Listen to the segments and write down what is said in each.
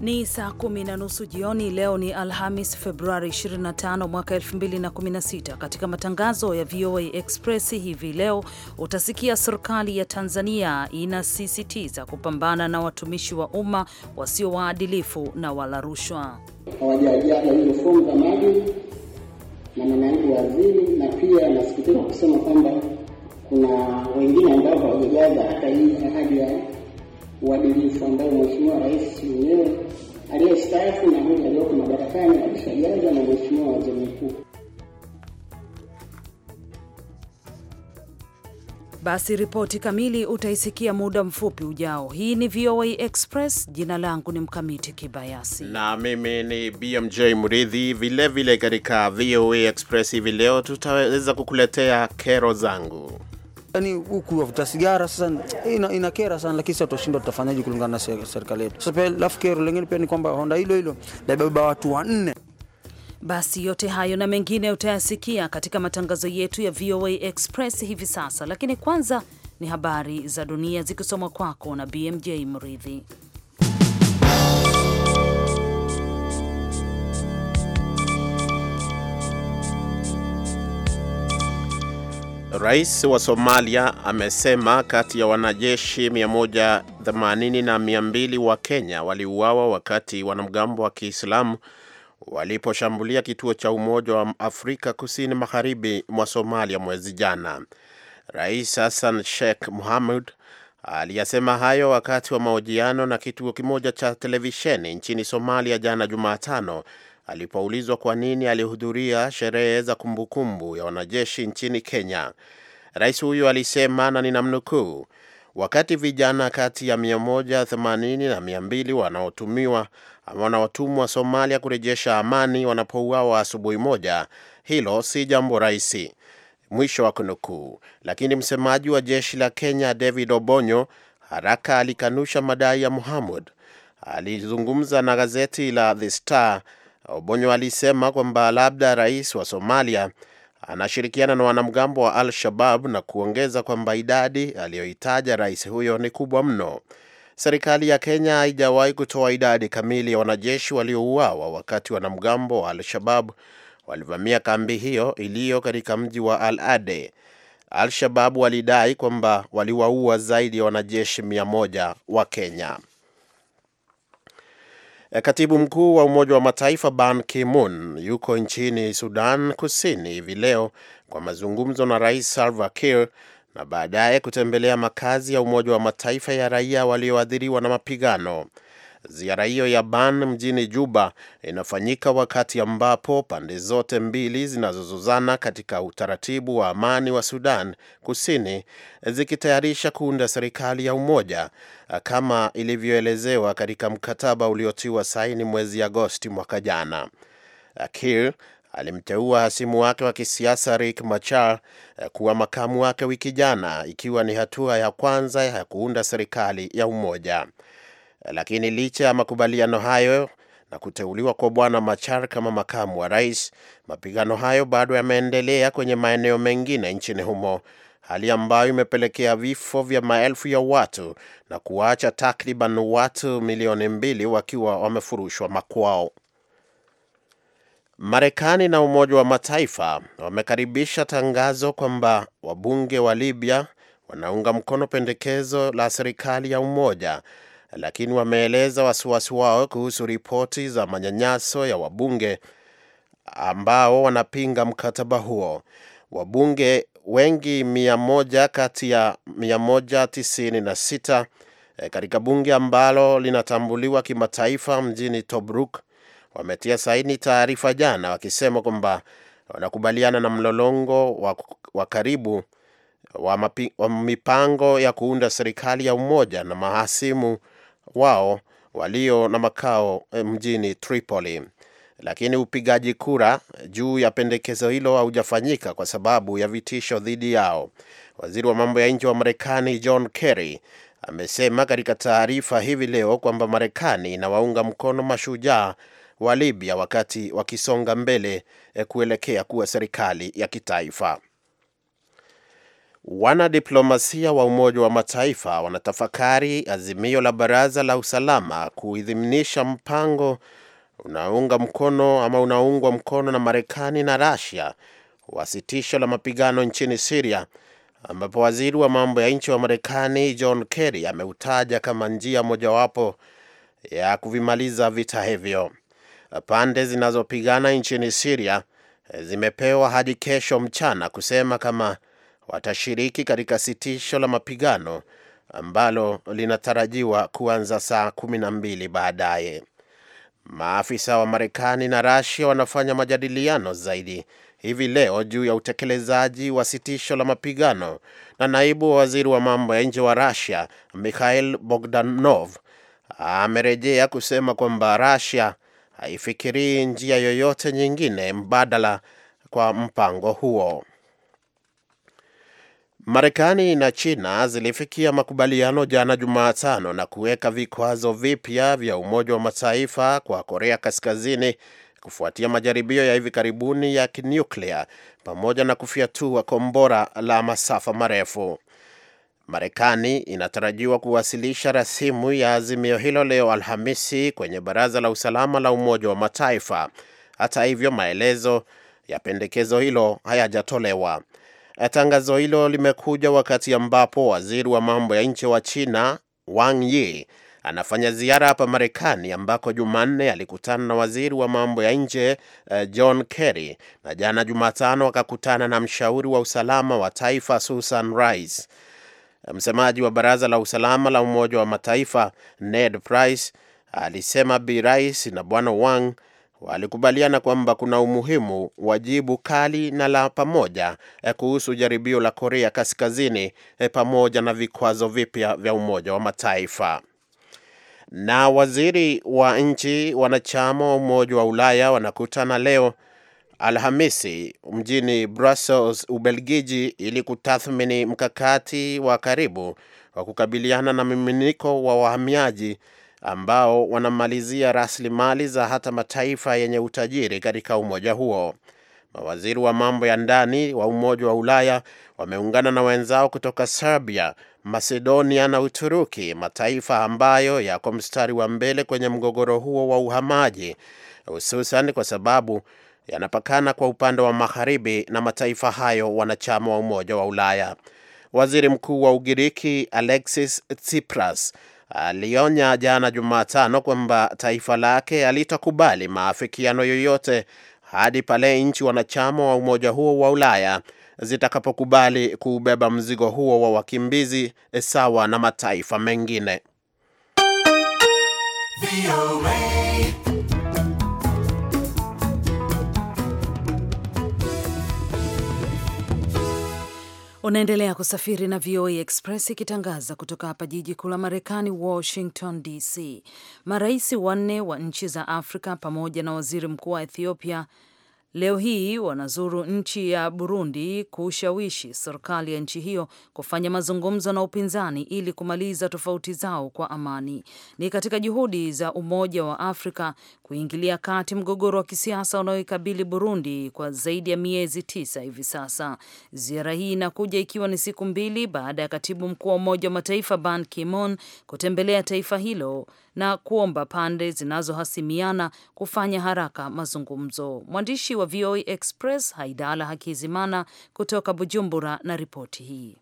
Ni saa kumi na nusu jioni. Leo ni Alhamis, Februari 25 mwaka 2016. Katika matangazo ya VOA Express hivi leo utasikia serikali ya Tanzania inasisitiza kupambana na watumishi wa umma wasio waadilifu na wala rushwa. Hawajajali waliofunga maji na manaibu waziri, na pia nasikitika kusema kwamba kuna wengine ambao hawajajaza hata hii ahadi ya uadilifu ambayo Mheshimiwa Rais mwenyewe aliyestaafu na mmoja aliyoko madarakani alishajazwa na mheshimiwa waziri mkuu. Basi ripoti kamili utaisikia muda mfupi ujao. Hii ni VOA Express. Jina langu ni Mkamiti Kibayasi na mimi ni BMJ Mridhi. Vilevile katika VOA Express hivi leo tutaweza kukuletea kero zangu yani huku wavuta sigara sasa ina, kera sana lakini sasa tutashinda tutafanyaje kulingana na serikali yetu. Sasa pia lafu kero lingine pia ni kwamba Honda hilo hilo labeba watu wanne. Basi yote hayo na mengine utayasikia katika matangazo yetu ya VOA Express hivi sasa, lakini kwanza ni habari za dunia zikisomwa kwako na BMJ Mridhi. Rais wa Somalia amesema kati ya wanajeshi 180 na 200 wa Kenya waliuawa wakati wanamgambo wa Kiislamu waliposhambulia kituo cha Umoja wa Afrika kusini magharibi mwa Somalia mwezi jana. Rais Hassan Sheikh Mohamud aliyasema hayo wakati wa mahojiano na kituo kimoja cha televisheni nchini Somalia jana Jumatano alipoulizwa kwa nini alihudhuria sherehe za kumbukumbu ya wanajeshi nchini Kenya. Rais huyo alisema na ninamnukuu, wakati vijana kati ya 180 na 200 wanaotumiwa wanaotumwa Somalia kurejesha amani wanapouawa asubuhi moja, hilo si jambo rahisi, mwisho wa kunukuu. Lakini msemaji wa jeshi la Kenya David Obonyo haraka alikanusha madai ya Muhamud. Alizungumza na gazeti la The Star Obonyo alisema kwamba labda rais wa Somalia anashirikiana na wanamgambo wa Al-Shabab na kuongeza kwamba idadi aliyoitaja rais huyo ni kubwa mno. Serikali ya Kenya haijawahi kutoa idadi kamili ya wanajeshi waliouawa wakati wanamgambo wa Al-Shabab walivamia kambi hiyo iliyo katika mji wa Al-Ade. Al-Shabab walidai kwamba waliwaua zaidi ya wanajeshi mia moja wa Kenya. E, katibu mkuu wa Umoja wa Mataifa Ban Ki-moon yuko nchini Sudan Kusini hivi leo kwa mazungumzo na Rais Salva Kiir na baadaye kutembelea makazi ya Umoja wa Mataifa ya raia walioathiriwa na mapigano. Ziara hiyo ya Ban mjini Juba inafanyika wakati ambapo pande zote mbili zinazozozana katika utaratibu wa amani wa Sudan Kusini zikitayarisha kuunda serikali ya umoja kama ilivyoelezewa katika mkataba uliotiwa saini mwezi Agosti mwaka jana. Akil alimteua hasimu wake wa kisiasa Riek Machar eh, kuwa makamu wake wiki jana, ikiwa ni hatua ya kwanza ya kuunda serikali ya umoja. Lakini licha ya makubaliano hayo na kuteuliwa kwa bwana Machar kama makamu wa rais, mapigano hayo bado yameendelea kwenye maeneo mengine nchini humo, hali ambayo imepelekea vifo vya maelfu ya watu na kuwaacha takriban watu milioni mbili wakiwa wamefurushwa makwao. Marekani na Umoja wa Mataifa wamekaribisha tangazo kwamba wabunge wa Libya wanaunga mkono pendekezo la serikali ya umoja lakini wameeleza wasiwasi wao kuhusu ripoti za manyanyaso ya wabunge ambao wanapinga mkataba huo. Wabunge wengi mia kati ya 196 eh, katika bunge ambalo linatambuliwa kimataifa mjini Tobruk wametia saini taarifa jana wakisema kwamba wanakubaliana na mlolongo wa, wa karibu wa, mapi, wa mipango ya kuunda serikali ya umoja na mahasimu wao walio na makao eh, mjini Tripoli, lakini upigaji kura juu ya pendekezo hilo haujafanyika kwa sababu ya vitisho dhidi yao. Waziri wa mambo ya nje wa Marekani John Kerry amesema katika taarifa hivi leo kwamba Marekani inawaunga mkono mashujaa wa Libya wakati wakisonga mbele eh, kuelekea kuwa serikali ya kitaifa. Wanadiplomasia wa Umoja wa Mataifa wanatafakari azimio la Baraza la Usalama kuidhiminisha mpango unaunga mkono ama unaungwa mkono na Marekani na Russia wa sitisho la mapigano nchini Syria ambapo waziri wa mambo ya nchi wa Marekani John Kerry ameutaja kama njia mojawapo ya kuvimaliza vita hivyo. Pande zinazopigana nchini Syria zimepewa hadi kesho mchana kusema kama watashiriki katika sitisho la mapigano ambalo linatarajiwa kuanza saa kumi na mbili baadaye. Maafisa wa Marekani na Rasia wanafanya majadiliano zaidi hivi leo juu ya utekelezaji wa sitisho la mapigano, na naibu wa waziri wa mambo ya nje wa Rasia Mikhail Bogdanov amerejea kusema kwamba Rasia haifikirii njia yoyote nyingine mbadala kwa mpango huo. Marekani na China zilifikia makubaliano jana Jumatano na kuweka vikwazo vipya vya Umoja wa Mataifa kwa Korea Kaskazini kufuatia majaribio ya hivi karibuni ya kinyuklia pamoja na kufyatua kombora la masafa marefu. Marekani inatarajiwa kuwasilisha rasimu ya azimio hilo leo Alhamisi kwenye Baraza la Usalama la Umoja wa Mataifa. Hata hivyo, maelezo ya pendekezo hilo hayajatolewa. Tangazo hilo limekuja wakati ambapo waziri wa mambo ya nje wa China Wang Yi anafanya ziara hapa Marekani ambako Jumanne alikutana na waziri wa mambo ya nje uh, John Kerry na jana Jumatano akakutana na mshauri wa usalama wa taifa Susan Rice. Msemaji wa baraza la usalama la Umoja wa Mataifa Ned Price alisema Bi Rice na Bwana Wang walikubaliana kwamba kuna umuhimu wa jibu kali na la pamoja eh, kuhusu jaribio la Korea Kaskazini eh, pamoja na vikwazo vipya vya Umoja wa Mataifa. Na waziri wa nchi wanachama wa Umoja wa Ulaya wanakutana leo Alhamisi mjini Brussels, Ubelgiji, ili kutathmini mkakati wa karibu wa kukabiliana na miminiko wa wahamiaji ambao wanamalizia rasilimali za hata mataifa yenye utajiri katika umoja huo. Mawaziri wa mambo ya ndani wa Umoja wa Ulaya wameungana na wenzao kutoka Serbia, Macedonia na Uturuki, mataifa ambayo yako mstari wa mbele kwenye mgogoro huo wa uhamaji, hususan kwa sababu yanapakana kwa upande wa magharibi na mataifa hayo wanachama wa Umoja wa Ulaya. Waziri Mkuu wa Ugiriki Alexis Tsipras alionya jana Jumatano kwamba taifa lake alitakubali maafikiano yoyote hadi pale nchi wanachama wa umoja huo wa Ulaya zitakapokubali kubeba mzigo huo wa wakimbizi eh, sawa na mataifa mengine. Unaendelea kusafiri na VOA e Express ikitangaza kutoka hapa jiji kuu la Marekani, Washington DC. Marais wanne wa nchi za Afrika pamoja na waziri mkuu wa Ethiopia Leo hii wanazuru nchi ya Burundi kushawishi serikali ya nchi hiyo kufanya mazungumzo na upinzani ili kumaliza tofauti zao kwa amani. Ni katika juhudi za Umoja wa Afrika kuingilia kati mgogoro wa kisiasa unaoikabili Burundi kwa zaidi ya miezi tisa hivi sasa. Ziara hii inakuja ikiwa ni siku mbili baada ya katibu mkuu wa Umoja wa Mataifa Ban Ki-moon kutembelea taifa hilo na kuomba pande zinazohasimiana kufanya haraka mazungumzo. Mwandishi wa VOA Express Haidala Hakizimana kutoka Bujumbura na ripoti hii.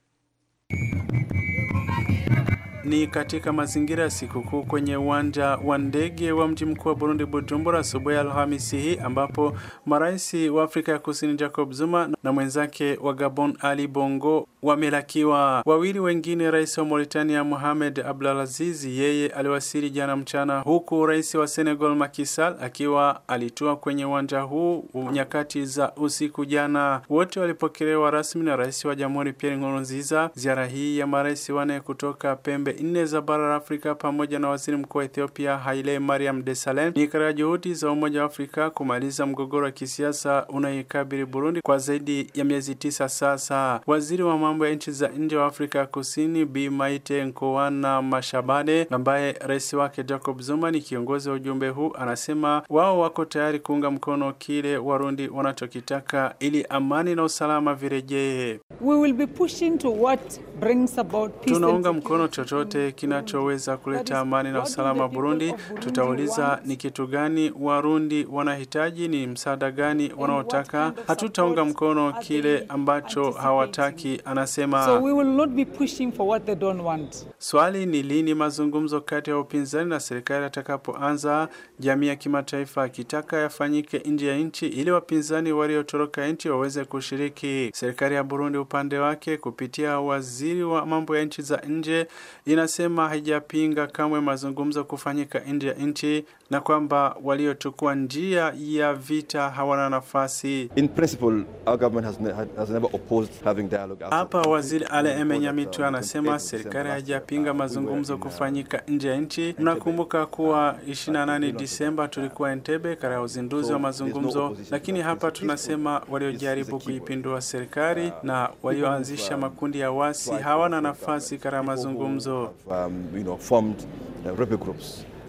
Ni katika mazingira ya sikukuu kwenye uwanja wa ndege wa mji mkuu wa Burundi, Bujumbura, asubuhi ya Alhamisi hii ambapo marais wa Afrika ya Kusini Jacob Zuma na mwenzake wa Gabon Ali Bongo wamelakiwa. Wawili wengine, rais wa Mauritania Mohamed Abdelaziz, yeye aliwasili jana mchana, huku rais wa Senegal Macky Sall akiwa alitua kwenye uwanja huu nyakati za usiku jana. Wote walipokelewa rasmi na rais wa jamhuri Pierre Nkurunziza. Ziara hii ya marais wane kutoka pembe nne za bara la Afrika pamoja na waziri mkuu wa Ethiopia Haile Mariam Desalegn ni katika juhudi za Umoja wa Afrika kumaliza mgogoro wa kisiasa unaoikabili Burundi kwa zaidi ya miezi tisa sasa. Waziri wa mambo ya nchi za nje wa Afrika Kusini Bi Maite Nkowana Mashabane, ambaye rais wake Jacob Zuma ni kiongozi wa ujumbe huu, anasema wao wako tayari kuunga mkono kile Warundi wanachokitaka ili amani na usalama virejee. We will be pushing to what brings about peace. Tunaunga mkono chochote kinachoweza kuleta amani na usalama Burundi. Tutauliza ni kitu gani Warundi wanahitaji, ni msaada gani wanaotaka. Hatutaunga mkono kile ambacho hawataki anasema so we will not be pushing for what they don't want. Swali ni lini mazungumzo kati ya upinzani na serikali atakapoanza, jamii ya kimataifa akitaka yafanyike nje ya nchi ili wapinzani waliotoroka nchi waweze kushiriki. Serikali ya Burundi upande wake kupitia waziri wa mambo ya nchi za nje inasema haijapinga kamwe mazungumzo kufanyika nje ya nchi, na kwamba waliochukua njia ya vita hawana nafasi. Hapa waziri Ale Emenyamitu uh, anasema serikali haijapinga uh, mazungumzo uh, kufanyika nje ya nchi. Mnakumbuka kuwa 28 Disemba tulikuwa Entebbe katika uzinduzi wa mazungumzo, lakini hapa tunasema waliojaribu kuipindua serikali na walioanzisha makundi ya wasi hawana nafasi katika mazungumzo. Um,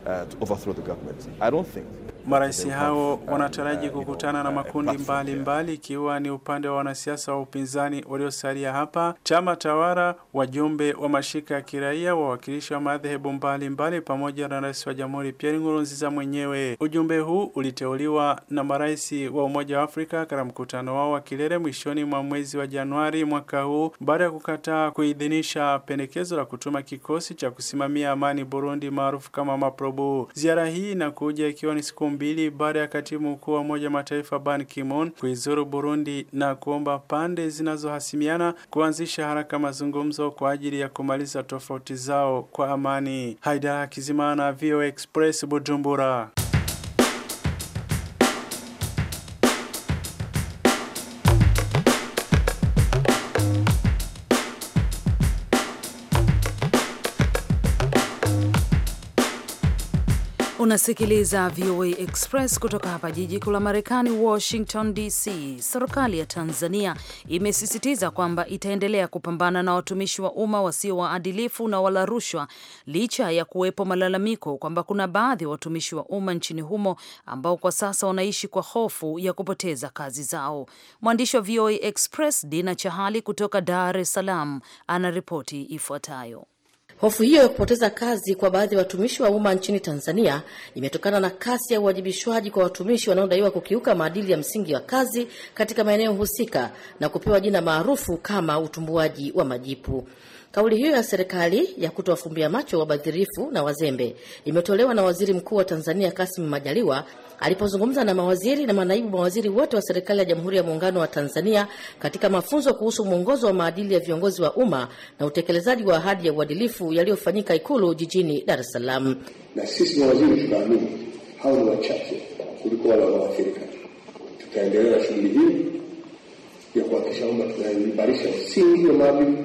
Uh, to overthrow the government. I don't think. Marais hao uh, wanataraji kukutana na makundi mbalimbali ikiwa ni upande wa wanasiasa wa upinzani waliosalia hapa, chama tawala, wajumbe wa mashirika ya kiraia, wawakilishi wa madhehebu mbalimbali, pamoja na rais wa jamhuri Pierre Nkurunziza mwenyewe. Ujumbe huu uliteuliwa na marais wa Umoja wa Afrika katika mkutano wao wa kilele mwishoni mwa mwezi wa Januari mwaka huu baada ya kukataa kuidhinisha pendekezo la kutuma kikosi cha kusimamia amani Burundi maarufu kama mapro robo. Ziara hii inakuja ikiwa ni siku mbili baada ya katibu mkuu wa Umoja Mataifa Ban Ki-moon kuizuru Burundi na kuomba pande zinazohasimiana kuanzisha haraka mazungumzo kwa ajili ya kumaliza tofauti zao kwa amani. Haidara Kizimana, VOA Express, Bujumbura. Unasikiliza VOA Express kutoka hapa jiji kuu la Marekani, Washington DC. Serikali ya Tanzania imesisitiza kwamba itaendelea kupambana na watumishi wa umma wasio waadilifu na wala rushwa, licha ya kuwepo malalamiko kwamba kuna baadhi ya watumishi wa umma nchini humo ambao kwa sasa wanaishi kwa hofu ya kupoteza kazi zao. Mwandishi wa VOA Express Dina Chahali kutoka Dar es Salaam anaripoti ifuatayo. Hofu hiyo ya kupoteza kazi kwa baadhi ya watumishi wa umma nchini Tanzania imetokana na kasi ya uwajibishwaji kwa watumishi wanaodaiwa kukiuka maadili ya msingi wa kazi katika maeneo husika na kupewa jina maarufu kama utumbuaji wa majipu. Kauli hiyo ya serikali ya kutowafumbia macho wabadhirifu na wazembe imetolewa na Waziri Mkuu wa Tanzania Kassim Majaliwa alipozungumza na mawaziri na manaibu mawaziri wote wa serikali ya Jamhuri ya Muungano wa Tanzania katika mafunzo kuhusu mwongozo wa maadili ya viongozi wa umma na utekelezaji wa ahadi ya uadilifu yaliyofanyika Ikulu jijini Dar es Salaam. Na sisi mawaziri tunaamini hawa ni wachache kuliko wale wanaoathirika. Tutaendelea na shughuli hii ya kuhakikisha kwamba tunaimarisha msingi wa maadili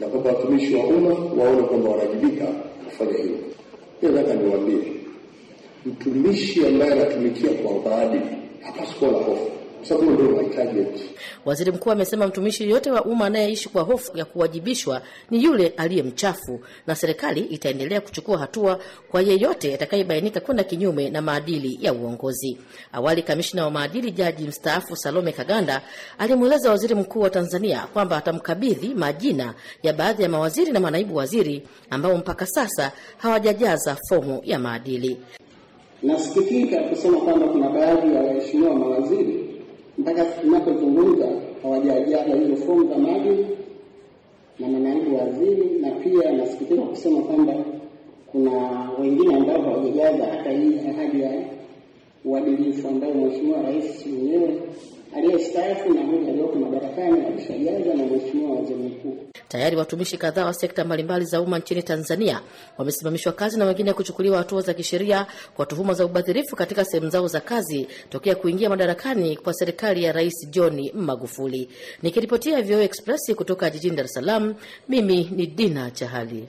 na kwamba watumishi wa umma waone kwamba wanawajibika kufanya hivyo. Hiyo nataka niwaambie mtumishi ambaye anatumikia kwa maadili hapaswi kuwa na hofu, Waziri Mkuu amesema mtumishi yeyote wa umma anayeishi kwa hofu ya kuwajibishwa ni yule aliye mchafu, na serikali itaendelea kuchukua hatua kwa yeyote atakayebainika kwenda kinyume na maadili ya uongozi. Awali, kamishna wa maadili jaji mstaafu Salome Kaganda alimweleza waziri mkuu wa Tanzania kwamba atamkabidhi majina ya baadhi ya mawaziri na manaibu waziri ambao mpaka sasa hawajajaza fomu ya maadili. Nasikitika kusema kwamba kuna baadhi ya waheshimiwa mawaziri mpaka tunapozungumza hawajajaza hizo fomu za maji na manaibu waziri, na pia nasikitika kusema kwamba kuna wengine ambao hawajajaza hata hii ahadi ya uadilifu ambayo Mheshimiwa Rais mwenyewe aliyestaafu na mmoja aliyoko madarakani alishajaza na mheshimiwa waziri mkuu. Tayari watumishi kadhaa wa sekta mbalimbali za umma nchini Tanzania wamesimamishwa kazi na wengine kuchukuliwa hatua za kisheria kwa tuhuma za ubadhirifu katika sehemu zao za kazi tokea kuingia madarakani kwa serikali ya Rais John Magufuli. Nikiripotia VOA Express kutoka jijini Dar es Salaam, mimi ni Dina Chahali.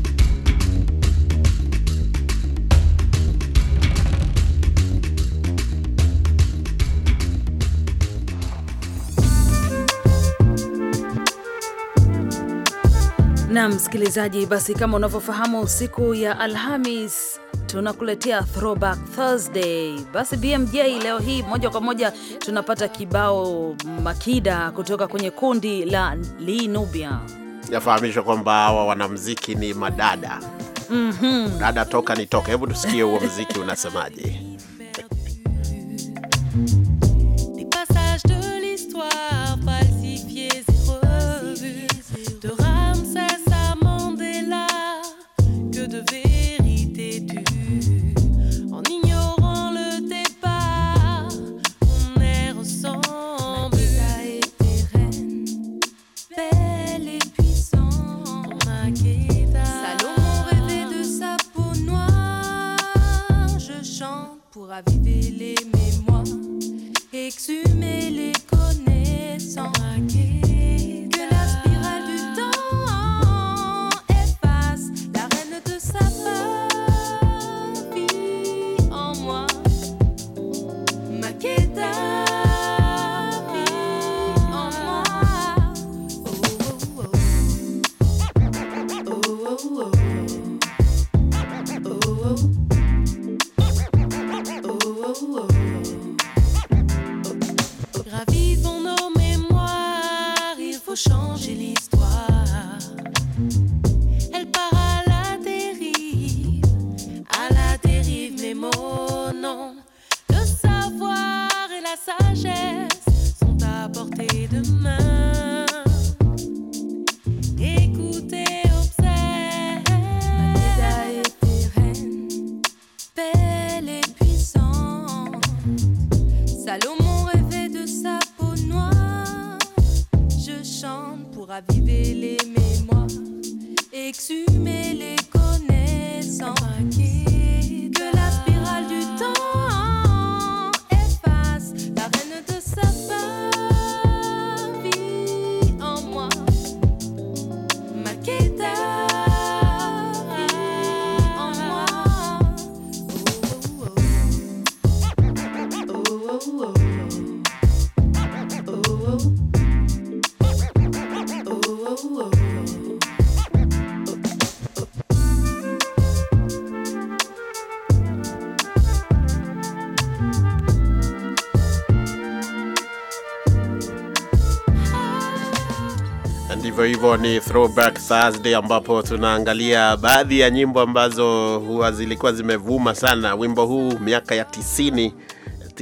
na msikilizaji, basi kama unavyofahamu, siku ya Alhamis tunakuletea Throwback Thursday. Basi BMJ, leo hii moja kwa moja tunapata kibao Makida kutoka kwenye kundi la Linubia. Nafahamishwa kwamba hawa wanamziki ni madada. mm -hmm. Dada toka nitoke, hebu tusikie huo mziki unasemaje? ni Throwback Thursday ambapo tunaangalia baadhi ya nyimbo ambazo huwa zilikuwa zimevuma sana. Wimbo huu miaka ya tisini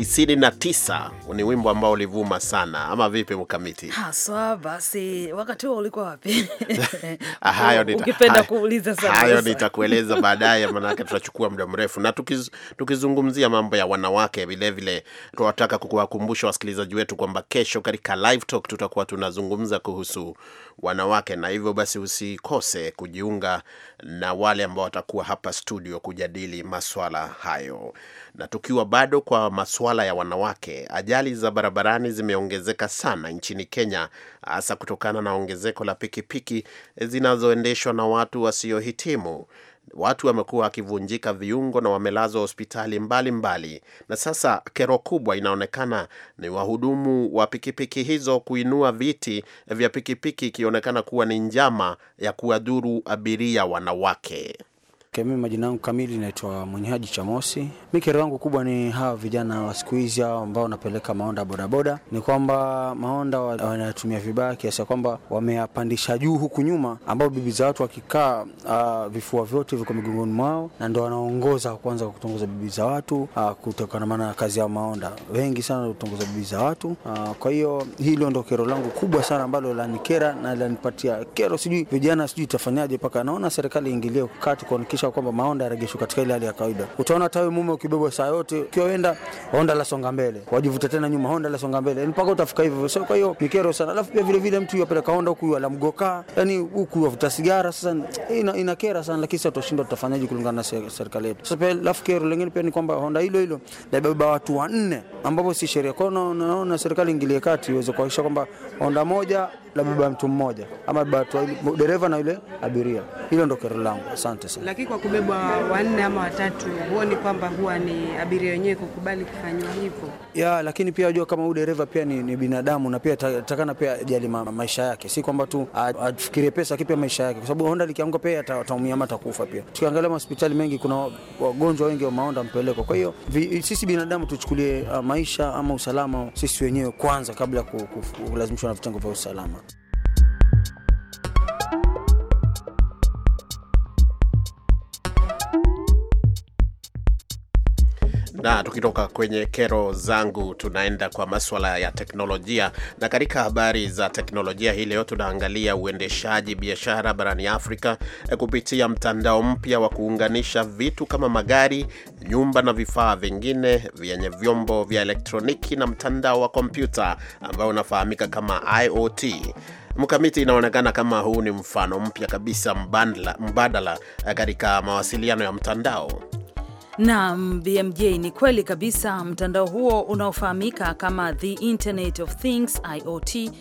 99 ni wimbo ambao ulivuma sana, ama vipi Mkamiti? Haswa. Basi wakati huo ulikuwa wapi? Ah, hayo nita, kuuliza sana hayo nitakueleza baadaye, maanake tutachukua muda mrefu, na tukiz, tukizungumzia mambo ya wanawake vilevile, tunataka kuwakumbusha wasikilizaji wetu kwamba kesho katika live talk tutakuwa tunazungumza kuhusu wanawake, na hivyo basi usikose kujiunga na wale ambao watakuwa hapa studio kujadili maswala hayo, na tukiwa bado kwa maswala masuala ya wanawake, ajali za barabarani zimeongezeka sana nchini Kenya, hasa kutokana na ongezeko la pikipiki zinazoendeshwa na watu wasiohitimu. Watu wamekuwa wakivunjika viungo na wamelazwa hospitali mbalimbali mbali. Na sasa kero kubwa inaonekana ni wahudumu wa pikipiki hizo kuinua viti vya pikipiki, ikionekana kuwa ni njama ya kuwadhuru abiria wanawake. Mimi majina yangu kamili naitwa Mwenyehaji Chamosi. Mi kero yangu kubwa ni hawa vijana wa siku hizi hao ambao wanapeleka maonda bodaboda, ni kwamba maonda wanatumia vibaya kiasi ya kwamba wameyapandisha juu huku nyuma, ambao bibi za watu wakikaa ah, vifua vyote viko migongoni mwao na ndo wanaongoza kwanza kwa kutongoza bibi za watu ah, kutokana na kazi ya maonda, wengi sana kutongoza bibi za watu. Ah, kwa hiyo hilo ndo kero langu kubwa sana ambalo lanikera na lanipatia kero, sijui vijana, sijui itafanyaje, mpaka naona serikali ingilie kati kuhakikisha kwamba Maonda yaregeshwa katika ile hali ya kawaida. Utaona tawe mume ukibebwa saa yote, ukioenda, onda la songa mbele, wajivuta tena nyuma, onda la songa mbele, yani mpaka utafika hivyo. So kwa hiyo ni kero sana, alafu pia vile vile mtu yapeleka onda huku ala mgoka, yani huku wavuta sigara. Sasa ina, ina kera sana, lakini sasa tutashinda, tutafanyaje kulingana na serikali yetu? Sasa pia alafu kero lingine pia ni kwamba Honda hilo hilo labeba watu wanne, ambapo si sheria kwao. Naona serikali ingilie kati iweze kuhakikisha kwamba Honda moja la baba mtu mmoja ama baba dereva na yule abiria. Hilo ndo kero langu, asante sana. Lakini kwa kubebwa wanne ama watatu, huoni kwamba huwa ni abiria wenyewe kukubali kufanywa hivyo? Ya, lakini pia unajua kama huyu dereva pia ni, ni binadamu na pia takana pia ajali ma, maisha yake, si kwamba tu afikirie pesa kipia maisha yake, kwa sababu honda likianguka pia ataumia ama atakufa pia. Tukiangalia hospitali mengi kuna wagonjwa wengi wa maonda mpeleko. Kwa hiyo sisi binadamu tuchukulie maisha ama usalama sisi wenyewe kwanza kabla ya kulazimishwa na vitengo vya usalama. Na tukitoka kwenye kero zangu, tunaenda kwa maswala ya teknolojia, na katika habari za teknolojia hii leo tunaangalia uendeshaji biashara barani Afrika eh, kupitia mtandao mpya wa kuunganisha vitu kama magari, nyumba na vifaa vingine vyenye vyombo vya elektroniki na mtandao wa kompyuta ambao unafahamika kama IoT. Mkamiti, inaonekana kama huu ni mfano mpya kabisa mbadala eh, katika mawasiliano ya mtandao. Naam, BMJ, ni kweli kabisa. Mtandao huo unaofahamika kama The Internet of Things, IoT,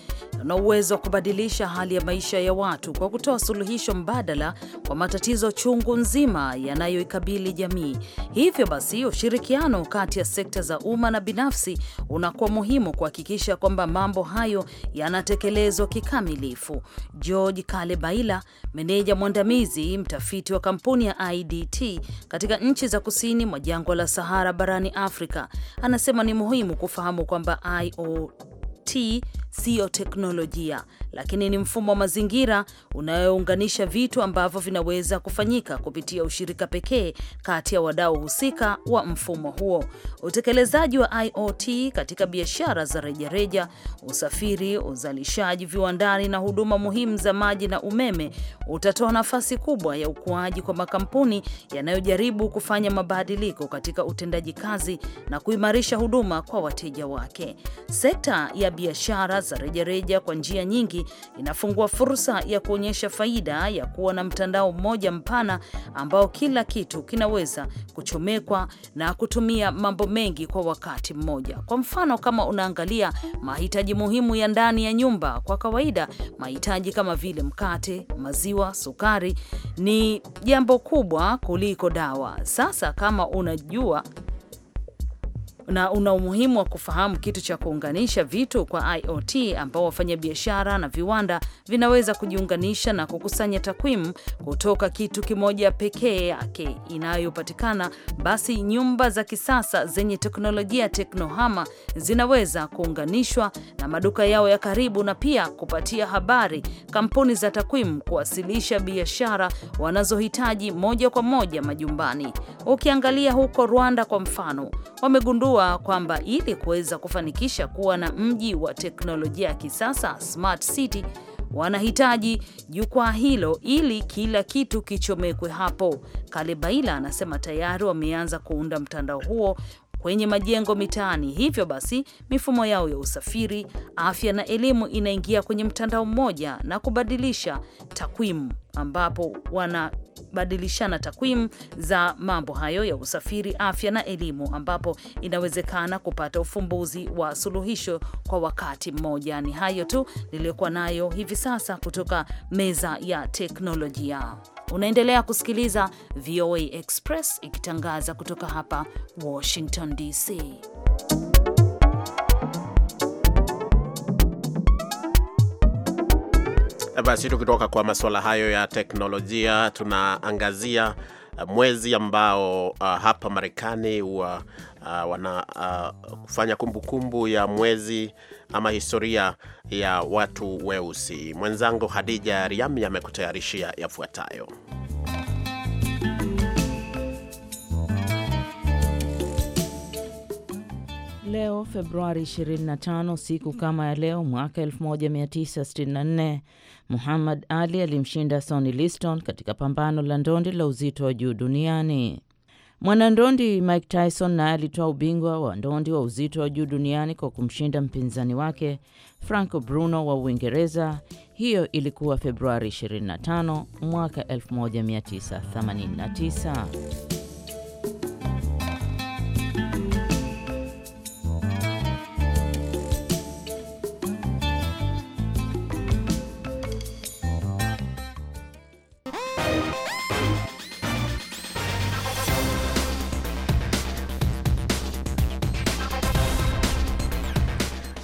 una uwezo wa kubadilisha hali ya maisha ya watu kwa kutoa suluhisho mbadala kwa matatizo chungu nzima yanayoikabili jamii. Hivyo basi, ushirikiano kati ya sekta za umma na binafsi unakuwa muhimu kuhakikisha kwamba mambo hayo yanatekelezwa kikamilifu. George Kalebaila, meneja mwandamizi mtafiti wa kampuni ya IDT katika nchi za kusini kusini mwa jangwa la Sahara barani Afrika anasema ni muhimu kufahamu kwamba IoT siyo teknolojia lakini ni mfumo wa mazingira unayounganisha vitu ambavyo vinaweza kufanyika kupitia ushirika pekee kati ya wadau husika wa mfumo huo. Utekelezaji wa IoT katika biashara za rejareja, usafiri, uzalishaji viwandani na huduma muhimu za maji na umeme utatoa nafasi kubwa ya ukuaji kwa makampuni yanayojaribu kufanya mabadiliko katika utendaji kazi na kuimarisha huduma kwa wateja wake. Sekta ya biashara za rejareja kwa njia nyingi nyingi inafungua fursa ya kuonyesha faida ya kuwa na mtandao mmoja mpana ambao kila kitu kinaweza kuchomekwa na kutumia mambo mengi kwa wakati mmoja. Kwa mfano, kama unaangalia mahitaji muhimu ya ndani ya nyumba, kwa kawaida mahitaji kama vile mkate, maziwa, sukari ni jambo kubwa kuliko dawa. Sasa kama unajua na una umuhimu wa kufahamu kitu cha kuunganisha vitu kwa IoT, ambao wafanyabiashara na viwanda vinaweza kujiunganisha na kukusanya takwimu kutoka kitu kimoja pekee yake inayopatikana. Basi nyumba za kisasa zenye teknolojia teknohama zinaweza kuunganishwa na maduka yao ya karibu, na pia kupatia habari kampuni za takwimu kuwasilisha biashara wanazohitaji moja kwa moja majumbani. Ukiangalia huko Rwanda kwa mfano, wamegundua Tunagundua kwamba ili kuweza kufanikisha kuwa na mji wa teknolojia ya kisasa smart city, wanahitaji jukwaa hilo ili kila kitu kichomekwe hapo. Kalebaila anasema tayari wameanza kuunda mtandao huo kwenye majengo mitaani. Hivyo basi, mifumo yao ya usafiri, afya na elimu inaingia kwenye mtandao mmoja na kubadilisha takwimu, ambapo wana kubadilishana takwimu za mambo hayo ya usafiri, afya na elimu, ambapo inawezekana kupata ufumbuzi wa suluhisho kwa wakati mmoja. Ni hayo tu niliyokuwa nayo hivi sasa kutoka meza ya teknolojia. Unaendelea kusikiliza VOA Express ikitangaza kutoka hapa Washington DC. Eh, basi tukitoka kwa masuala hayo ya teknolojia, tunaangazia eh, mwezi ambao uh, hapa Marekani wa, uh, wana uh, kumbukumbu ya mwezi ama historia ya watu weusi. Mwenzangu Hadija Riami amekutayarishia yafuatayo. leo Februari 25, siku kama ya leo mwaka 1964, Muhammad Ali alimshinda Sonny Liston katika pambano la ndondi la uzito wa juu duniani. Mwanandondi Mike Tyson naye alitoa ubingwa wa ndondi wa uzito wa juu duniani kwa kumshinda mpinzani wake Franco Bruno wa Uingereza. Hiyo ilikuwa Februari 25 mwaka 1989.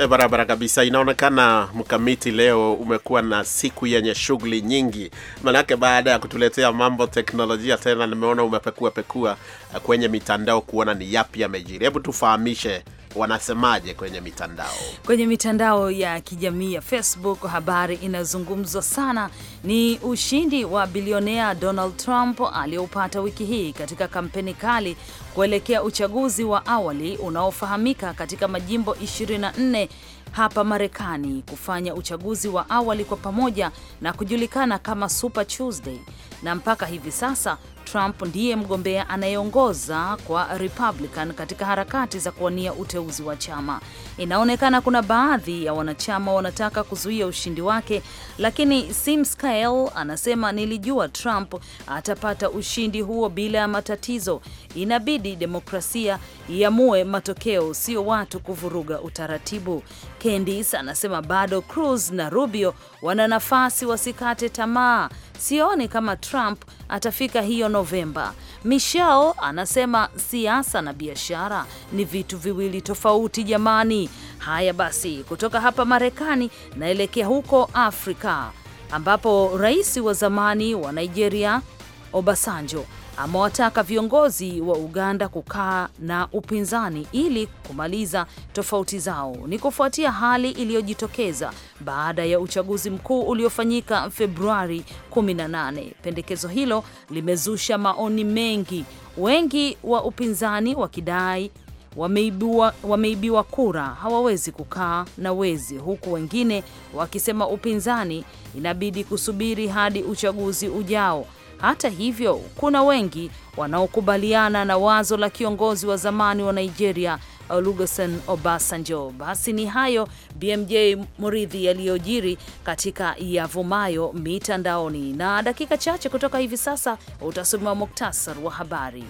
Eh, barabara kabisa. Inaonekana mkamiti, leo umekuwa na siku yenye shughuli nyingi, manake baada ya kutuletea mambo teknolojia, tena nimeona umepekua pekua eh, kwenye mitandao kuona ni yapi yamejiri. Hebu tufahamishe wanasemaje kwenye mitandao? Kwenye mitandao ya kijamii ya Facebook, habari inazungumzwa sana ni ushindi wa bilionea Donald Trump aliyoupata wiki hii katika kampeni kali kuelekea uchaguzi wa awali unaofahamika katika majimbo 24 hapa Marekani kufanya uchaguzi wa awali kwa pamoja na kujulikana kama Super Tuesday, na mpaka hivi sasa Trump ndiye mgombea anayeongoza kwa Republican katika harakati za kuwania uteuzi wa chama. Inaonekana kuna baadhi ya wanachama wanataka kuzuia ushindi wake, lakini Sims Kyle anasema nilijua Trump atapata ushindi huo bila ya matatizo. Inabidi demokrasia iamue matokeo, sio watu kuvuruga utaratibu. Kendis anasema bado Cruz na Rubio wana nafasi, wasikate tamaa. Sioni kama Trump atafika hiyo Novemba. Michelle anasema siasa na biashara ni vitu viwili tofauti jamani. Haya basi, kutoka hapa Marekani naelekea huko Afrika ambapo rais wa zamani wa Nigeria Obasanjo amewataka viongozi wa Uganda kukaa na upinzani ili kumaliza tofauti zao. Ni kufuatia hali iliyojitokeza baada ya uchaguzi mkuu uliofanyika Februari 18. Pendekezo hilo limezusha maoni mengi, wengi wa upinzani wakidai wameibiwa, wameibiwa kura, hawawezi kukaa na wezi, huku wengine wakisema upinzani inabidi kusubiri hadi uchaguzi ujao hata hivyo, kuna wengi wanaokubaliana na wazo la kiongozi wa zamani wa Nigeria Olusegun Obasanjo. Basi ni hayo BMJ Muridhi yaliyojiri katika yavumayo mitandaoni, na dakika chache kutoka hivi sasa utasomewa muktasar wa habari.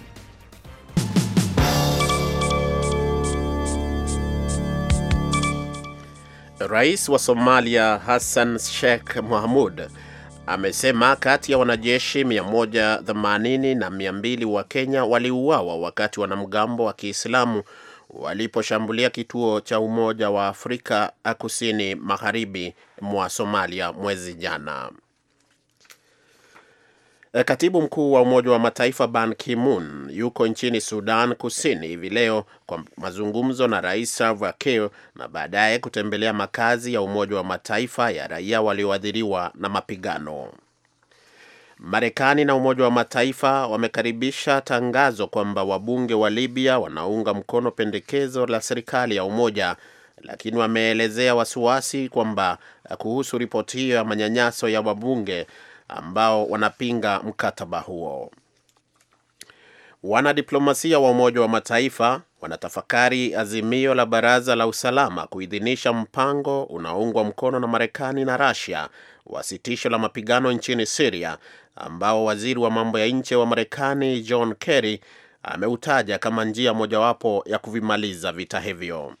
Rais wa Somalia Hassan Sheikh Mohamud amesema kati ya wanajeshi 180 na 200 wa Kenya waliuawa wakati wanamgambo wa Kiislamu waliposhambulia kituo cha Umoja wa Afrika kusini magharibi mwa Somalia mwezi jana. Eh, katibu mkuu wa Umoja wa Mataifa Ban Ki-moon yuko nchini Sudan Kusini hivi leo kwa mazungumzo na Rais Salva Kiir na baadaye kutembelea makazi ya Umoja wa Mataifa ya raia walioathiriwa na mapigano. Marekani na Umoja wa Mataifa wamekaribisha tangazo kwamba wabunge wa Libya wanaunga mkono pendekezo la serikali ya umoja, lakini wameelezea wasiwasi kwamba eh, kuhusu ripoti hiyo ya manyanyaso ya wabunge ambao wanapinga mkataba huo. Wanadiplomasia wa Umoja wa Mataifa wanatafakari azimio la Baraza la Usalama kuidhinisha mpango unaoungwa mkono na Marekani na rasia wa sitisho la mapigano nchini siria ambao waziri wa mambo ya nje wa Marekani John Kerry ameutaja kama njia mojawapo ya kuvimaliza vita hivyo.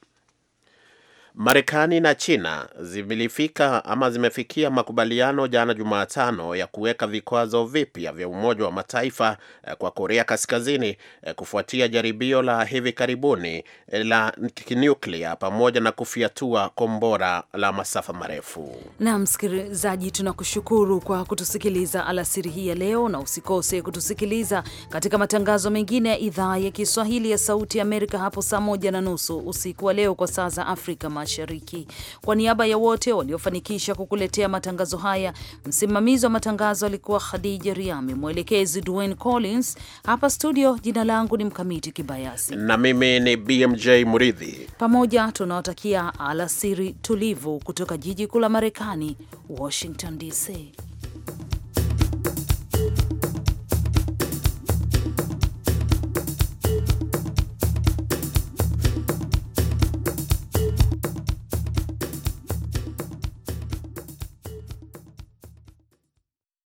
Marekani na China zimelifika ama zimefikia makubaliano jana Jumatano ya kuweka vikwazo vipya vya Umoja wa Mataifa eh, kwa Korea Kaskazini eh, kufuatia jaribio la hivi karibuni eh, la kinuklia pamoja na kufiatua kombora la masafa marefu. Na msikilizaji, tunakushukuru kwa kutusikiliza alasiri hii ya leo, na usikose kutusikiliza katika matangazo mengine ya idhaa ya Kiswahili ya Sauti ya Amerika hapo saa moja na nusu usiku wa leo kwa saa za Afrika Mashariki. Kwa niaba ya wote waliofanikisha kukuletea matangazo haya, msimamizi wa matangazo alikuwa Khadija Riami, mwelekezi Dwayne Collins. Hapa studio, jina langu ni Mkamiti Kibayasi na mimi ni BMJ Muridhi. Pamoja tunawatakia alasiri tulivu kutoka jiji kuu la Marekani, Washington DC.